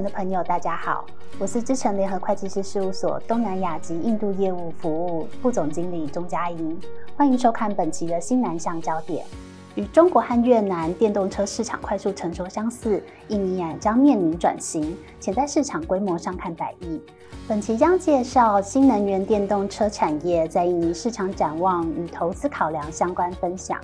的朋友，大家好，我是資誠聯合會計師事務所東南亞及印度業務服務副總經理鍾佳縈，歡迎收看本期的新南向焦點。與中國和越南電動車市場快速成熟相似，印尼將面臨轉型，潛在市場規模上看百億。本期將介紹新能源電動車產業在印尼市場展望與投資考量相關分享。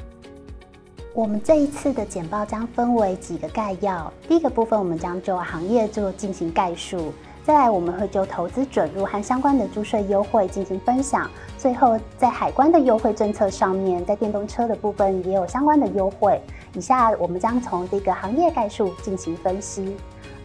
我們這一次的簡報將分為幾個概要。第一個部分，我們將就行業做進行概述；再來，我們會就投資准入和相關的租稅優惠進行分享；最後，在海關的優惠政策上面，在電動車的部分也有相關的優惠。以下，我們將從這個行業概述進行分析。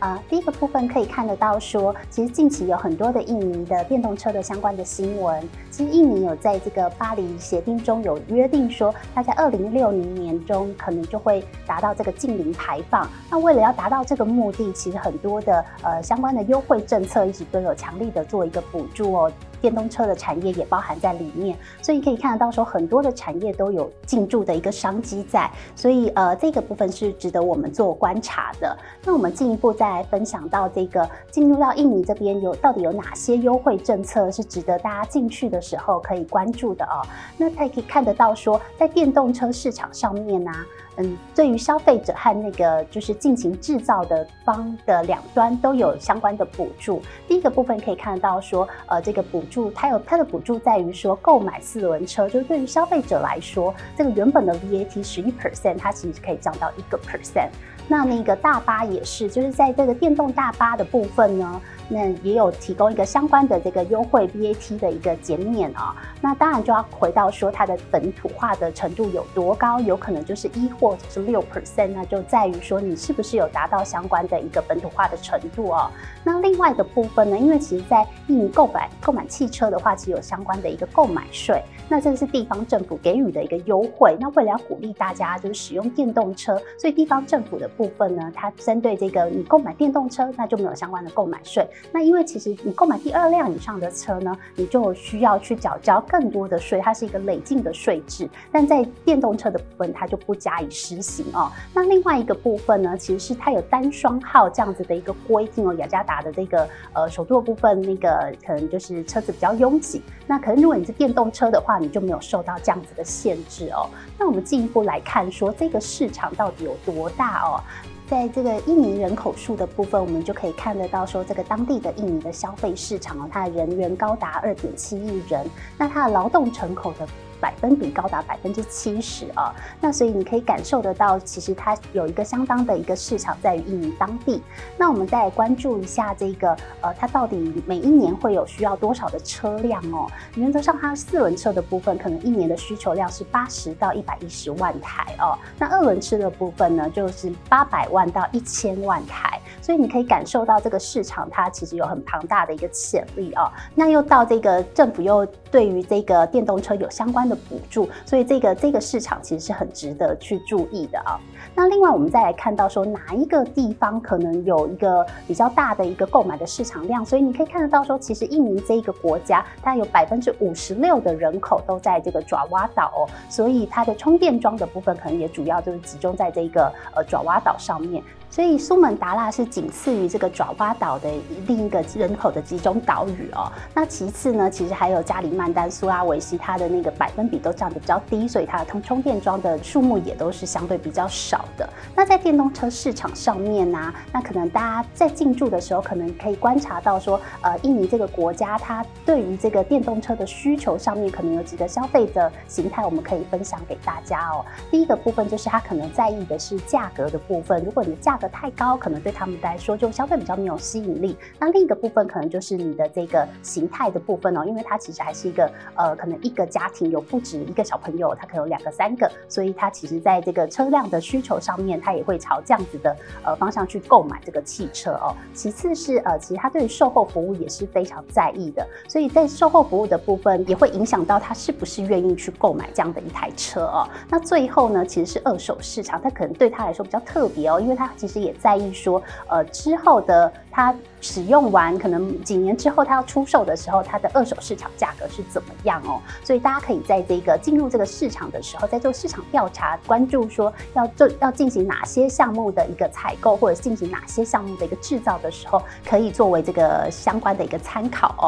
啊、呃，第一個部分可以看得到說，說其實近期有很多的印尼的電動車的相關的新聞。其實印尼有在這個巴黎協定中有約定說，說他在二零六零年中可能就會達到這個淨零排放。那為了要達到這個目的，其實很多的呃相關的優惠政策一直都有強力的做一個補助哦。電動車的產業也包含在裡面，所以可以看得到說很多的產業都有進駐的一個商機在，所以呃這個部分是值得我們做觀察的。那我們進一步再來分享到這個進入到印尼這邊有到底有哪些優惠政策是值得大家進去的時候可以關注的哦。那大家可以看得到說在電動車市場上面呢啊。嗯，對於消費者和那個就是進行製造的方的兩端都有相關的補助。第一個部分可以看得到說，呃，這個補助它有它的補助在於說，購買四輪車，就是對於消費者來說，這個原本的 VAT 十一 percent 它其實可以降到一個 percent。那那個大巴也是，就是在這個電動大巴的部分呢。那也有提供一個相關的這個優惠 VAT 的一個減免哦，那當然就要回到說它的本土化的程度有多高，有可能就是一或者是六 percent，那就在於說你是不是有達到相關的一個本土化的程度哦。那另外的部分呢，因為其實，在印尼購買購買汽車的話，其實有相關的一個購買稅。那這是地方政府給予的一個優惠。那為了要鼓勵大家就是使用電動車，所以地方政府的部分呢，它針對這個你購買電動車，那就沒有相關的購買稅。那因為其實你購買第二輛以上的車呢，你就需要去繳交更多的稅，它是一個累進的稅制。但在電動車的部分，它就不加以實行哦。那另外一個部分呢，其實是它有單雙號這樣子的一個規定哦。雅加達的這個呃首都的部分，那個可能就是車子比較擁擠。那可能如果你是電動車的話，你就沒有受到這樣子的限製哦。那我們進一步來看說，說這個市場到底有多大哦。在這個印尼人口數的部分，我們就可以看得到說，說這個當地的印尼的消費市場它它人員高達二點七億人，那它的勞動人口的。百分比高達百分之七十啊，那所以你可以感受得到，其實它有一個相當的一個市場在於印尼當地。那我們再來關注一下這個，呃，它到底每一年會有需要多少的車輛哦？原則上，它四輪車的部分可能一年的需求量是八十到一百一十萬台哦。那二輪車的部分呢，就是八百萬到一千萬台。所以你可以感受到這個市場，它其實有很龐大的一個潛力哦。那又到這個政府又。對於這個電動車有相關的補助，所以這個這個市場其實是很值得去注意的啊哦。那另外我們再來看到說，哪一個地方可能有一個比較大的一個購買的市場量，所以你可以看得到說，其實印尼這一個國家，它有百分之五十六的人口都在這個爪哇島哦，所以它的充電樁的部分可能也主要就是集中在這個呃爪哇島上面。所以蘇門答臘是僅次於這個爪哇島的另一個人口的集中島嶼哦。那其次呢，其實還有加里曼丹、蘇拉維西，它的那個百分比都佔的比較低，所以它的通充電樁的數目也都是相對比較少的。那在電動車市場上面呢，啊，那可能大家在進駐的時候，可能可以觀察到說，呃，印尼這個國家它對於這個電動車的需求上面，可能有幾個消費的形態，我們可以分享給大家哦。第一個部分就是他可能在意的是價格的部分，如果你的價太高可能對他們來說就相對比較沒有吸引力。那另一個部分可能就是你的這個形態的部分哦，因為它其實還是一個呃，可能一個家庭有不止一個小朋友，他可能有兩個、三個，所以他其實在這個車輛的需求上面，他也會朝這樣子的呃方向去購買這個汽車哦。其次是呃，其實他對於售後服務也是非常在意的，所以在售後服務的部分也會影響到他是不是願意去購買這樣的一台車哦。那最後呢，其實是二手市場，它可能對他來說比較特別哦，因為它其實。其實也在意說，呃，之後的。它使用完可能幾年之後，它要出售的時候，它的二手市場價格是怎麼樣哦？所以大家可以在這個進入這個市場的時候，在做市場調查，關注說要做要進行哪些項目的一個採購，或者進行哪些項目的一個製造的時候，可以作為這個相關的一個參考哦。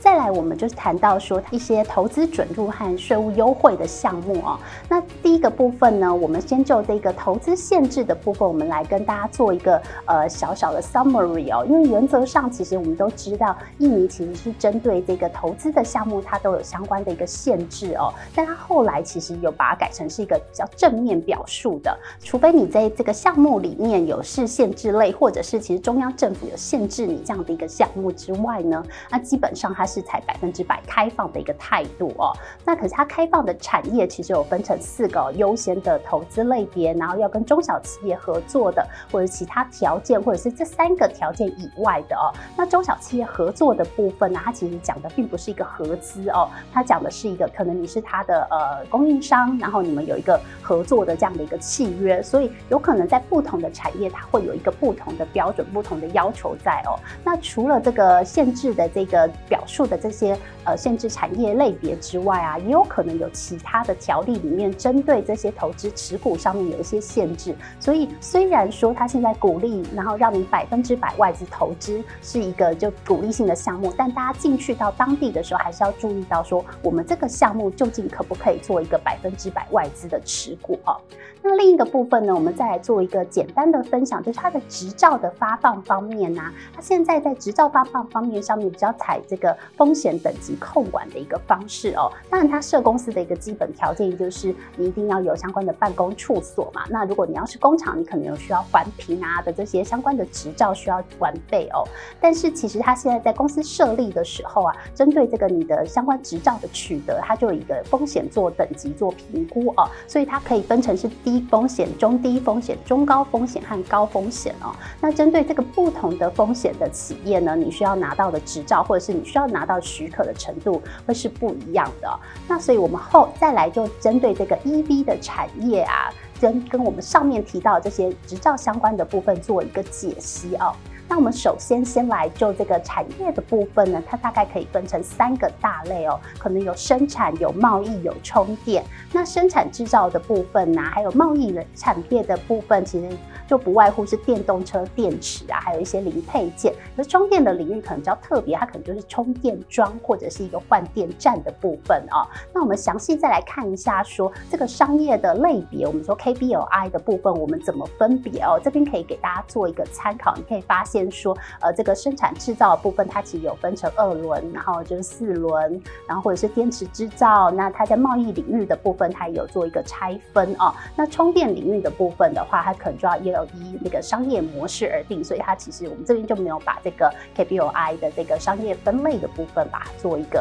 再來，我們就是談到說一些投資准入和稅務優惠的項目哦。那第一個部分呢，我們先就這個投資限制的部分，我們來跟大家做一個呃小小的 summary 哦。因為原則上，其實我們都知道，印尼其實是針對這個投資的項目，它都有相關的一個限制哦。但它後來其實有把它改成是一個比較正面表述的，除非你在這個項目裡面有是限制類，或者是其實中央政府有限制你這樣的一個項目之外呢，那基本上它是才百分之百開放的一個態度哦。那可是它開放的產業其實有分成四個、哦、優先的投資類別，然後要跟中小企業合作的，或者其他條件，或者是這三個條件。以外的哦，那中小企業合作的部分呢，它其實講的並不是一個合資哦，它講的是一個可能你是它的呃供應商，然後你們有一個合作的這樣的一個契約，所以有可能在不同的產業，它會有一個不同的標準、不同的要求在哦。那除了這個限制的這個表述的這些呃限制產業類別之外啊，也有可能有其他的條例裡面針對這些投資持股上面有一些限制。所以雖然說它現在鼓勵，然後讓你百分之百外資。投資是一個就鼓勵性的項目，但大家進去到當地的時候，還是要注意到說，我們這個項目究竟可不可以做一個百分之百外資的持股哦？那另一個部分呢，我們再來做一個簡單的分享，就是它的執照的發放方面呢、啊，它現在在執照發放方面上面比較採這個風險等級控管的一個方式哦。當然，它設公司的一個基本條件就是你一定要有相關的辦公處所嘛。那如果你要是工廠，你可能有需要環評啊的這些相關的執照需要管。哦，但是其實它現在在公司設立的時候啊，針對這個你的相關執照的取得，它就有一個風險做等級做評估哦，所以它可以分成是低風險、中低風險、中高風險和高風險哦。那針對這個不同的風險的企業呢，你需要拿到的執照或者是你需要拿到許可的程度會是不一樣的哦。那所以我們後再來就針對這個 EV 的產業啊，跟跟我們上面提到這些執照相關的部分做一個解析哦。那我們首先先來就這個產業的部分呢，它大概可以分成三個大類哦，可能有生產、有貿易、有充電。那生產製造的部分吶，還有貿易的產業的部分，其實就不外乎是電動車電池啊，還有一些零配件。而充電的領域可能比較特別，它可能就是充電樁或者是一個換電站的部分哦。那我們詳細再來看一下說，說這個商業的類別，我們說 KBLI 的部分，我們怎麼分別哦？這邊可以給大家做一個參考，你可以發現。先說呃，這個生產制造的部分，它其實有分成二輪，然後就是四輪，然後或者是電池制造。那它在貿易領域的部分，它也有做一個拆分啊、哦。那充電領域的部分的話，它可能就要依那個商業模式而定。所以它其實我們這邊就沒有把這個 KBLI 的這個商業分類的部分吧，把它做一個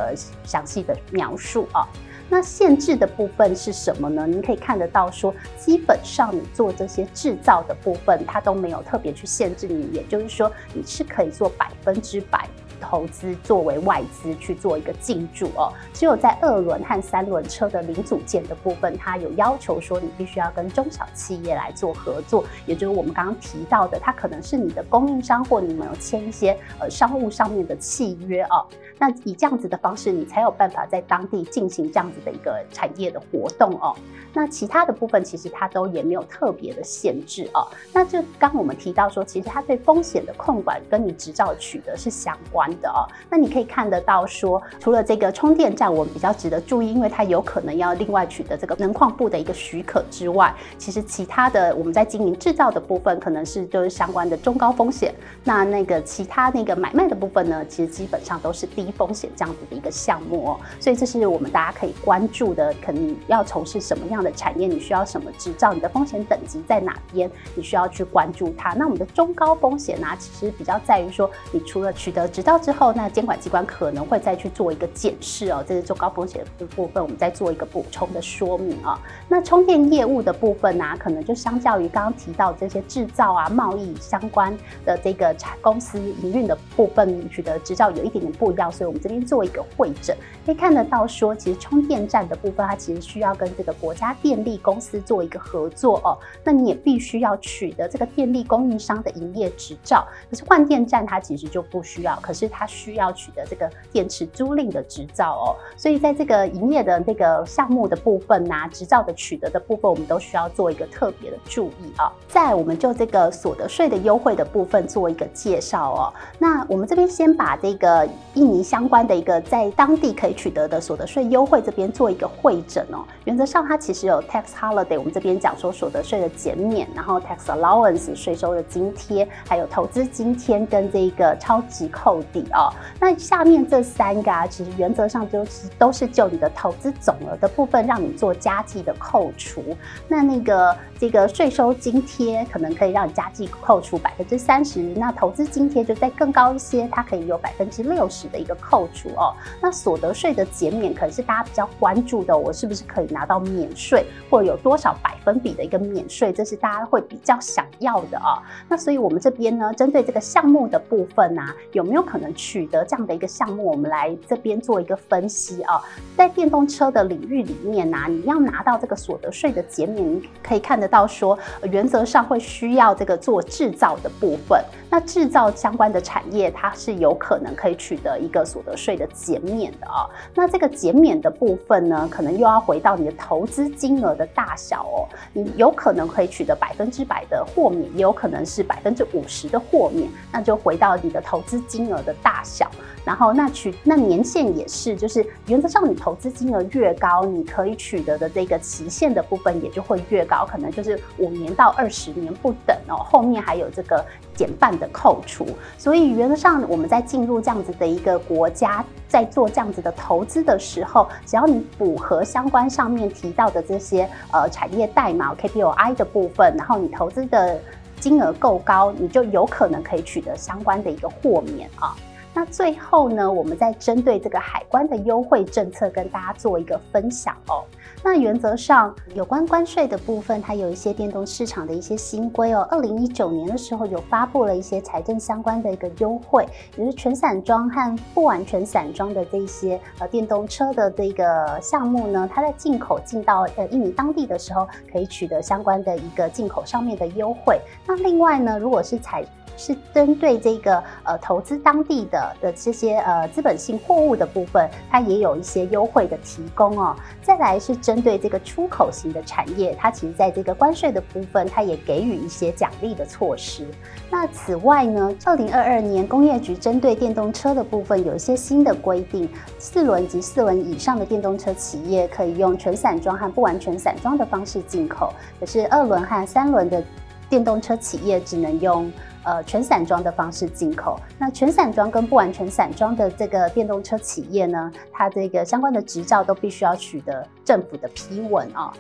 詳細的描述啊。哦那限制的部分是什麼呢？你可以看得到，說基本上你做這些制造的部分，它都沒有特別去限制你，也就是說你是可以做百分之百。投資作為外資去做一個進駐哦，只有在二輪和三輪車的零組件的部分，它有要求說你必須要跟中小企業來做合作，也就是我們剛剛提到的，它可能是你的供應商或你們有簽一些呃商務上面的契約哦。那以這樣子的方式，你才有辦法在當地進行這樣子的一個產業的活動哦。那其他的部分其實它都也沒有特別的限制哦。那就剛剛我們提到說，其實它對風險的控管跟你執照取得是相關的哦，那你可以看得到說，除了這個充電站，我們比較值得注意，因為它有可能要另外取得這個能礦部的一個許可之外，其實其他的我們在經營製造的部分，可能是就是相關的中高風險。那那個其他那個買賣的部分呢，其實基本上都是低風險這樣子的一個項目哦。所以這是我們大家可以關注的，可能要從事什麼樣的產業，你需要什麼執照，你的風險等級在哪邊，你需要去關注它。那我們的中高風險呢、啊，其實比較在於說，你除了取得執照。之後，那監管機關可能會再去做一個檢視哦，這是中高風險的部分，我們再做一個補充的說明啊、哦。那充電業務的部分呢、啊，可能就相較於剛剛提到這些製造啊、貿易相關的這個產公司營運的部分取得執照有一點點不一樣，所以我們這邊做一個會診，可以看得到說，其實充電站的部分，它其實需要跟這個國家電力公司做一個合作哦。那你也必須要取得這個電力供應商的營業執照，可是換電站它其實就不需要，可是。它需要取得這個電池租賃的執照哦，所以在這個營業的那個項目的部分吶、啊，執照的取得的部分，我們都需要做一個特別的注意啊。再我們就這個所得稅的優惠的部分做一個介紹哦。那我們這邊先把這個印尼相關的一個在當地可以取得的所得稅優惠這邊做一個彙整哦。原則上，它其實有 tax holiday，我們這邊講說所得稅的減免，然後 tax allowance 稅收的津貼，還有投資津貼跟這一個超級扣。哦，那下面這三個啊，其實原則上就是都是就你的投資總額的部分讓你做加計的扣除。那那個這個稅收津貼可能可以讓你加計扣除百分之三十，那投資津貼就再更高一些，它可以有百分之六十的一個扣除哦。那所得稅的減免可能是大家比較關注的，我是不是可以拿到免稅，或者有多少百分比的一個免稅？這是大家會比較想要的哦。那所以我們這邊呢，針對這個項目的部分啊，有沒有可能？取得這樣的一個項目，我們來這邊做一個分析啊、哦。在電動車的領域裡面呢、啊，你要拿到這個所得稅的減免，你可以看得到說，原則上會需要這個做製造的部分。那製造相關的產業，它是有可能可以取得一個所得稅的減免的啊、哦。那這個減免的部分呢，可能又要回到你的投資金額的大小哦。你有可能可以取得百分之百的豁免，也有可能是百分之五十的豁免，那就回到你的投資金額的。大小，然後那取那年限也是，就是原則上你投資金額越高，你可以取得的這個期限的部分也就會越高，可能就是五年到二十年不等哦。後面還有這個減半的扣除，所以原則上我們在進入這樣子的一個國家，在做這樣子的投資的時候，只要你符合相關上面提到的這些呃產業代碼 KPI 的部分，然後你投資的金額夠高，你就有可能可以取得相關的一個豁免啊、哦。那最後呢，我們再針對這個海關的優惠政策跟大家做一個分享哦。那原則上，有關關稅的部分，它有一些電動市場的一些新規哦。二零一九年的時候，有發布了一些財政相關的一個優惠，也是全散裝和不完全散裝的這些呃電動車的這個項目呢，它在進口進到呃印尼當地的時候，可以取得相關的一個進口上面的優惠。那另外呢，如果是採是針對這個呃投資當地的的這些呃資本性貨物的部分，它也有一些優惠的提供哦。再來是針對這個出口型的產業，它其實在這個關稅的部分，它也給予一些獎勵的措施。那此外呢，二零二二年工業局針對電動車的部分有一些新的規定：四輪及四輪以上的電動車企業可以用全散裝和不完全散裝的方式進口，可是二輪和三輪的電動車企業只能用。呃，全散裝的方式進口，那全散裝跟不完全散裝的這個電動車企業呢，它這個相關的執照都必須要取得政府的批文啊。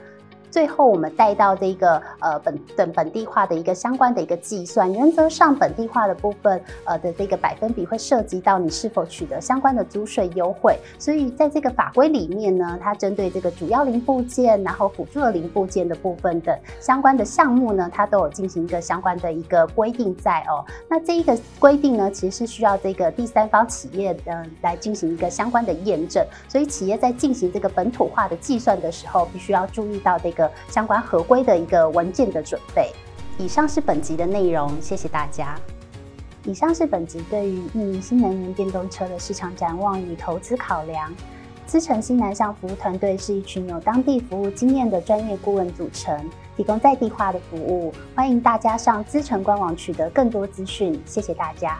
最後，我們帶到這個呃本等本地化的一個相關的一個計算，原則上本地化的部分，呃的這個百分比會涉及到你是否取得相關的租稅優惠。所以在這個法規裡面呢，它針對這個主要零部件，然後輔助的零部件的部分等相關的項目呢，它都有進行一個相關的一個規定在哦。那這一個規定呢，其實是需要這個第三方企業呃來進行一個相關的驗證。所以企業在進行這個本土化的計算的時候，必須要注意到這個。相關合規的一個文件的準備。以上是本集的內容，謝謝大家。以上是本集對於印尼新能源電動車的市場展望與投資考量。資誠新南向服務團隊是一群有當地服務經驗的專業顧問組成，提供在地化的服務。歡迎大家上資誠官網取得更多資訊，謝謝大家。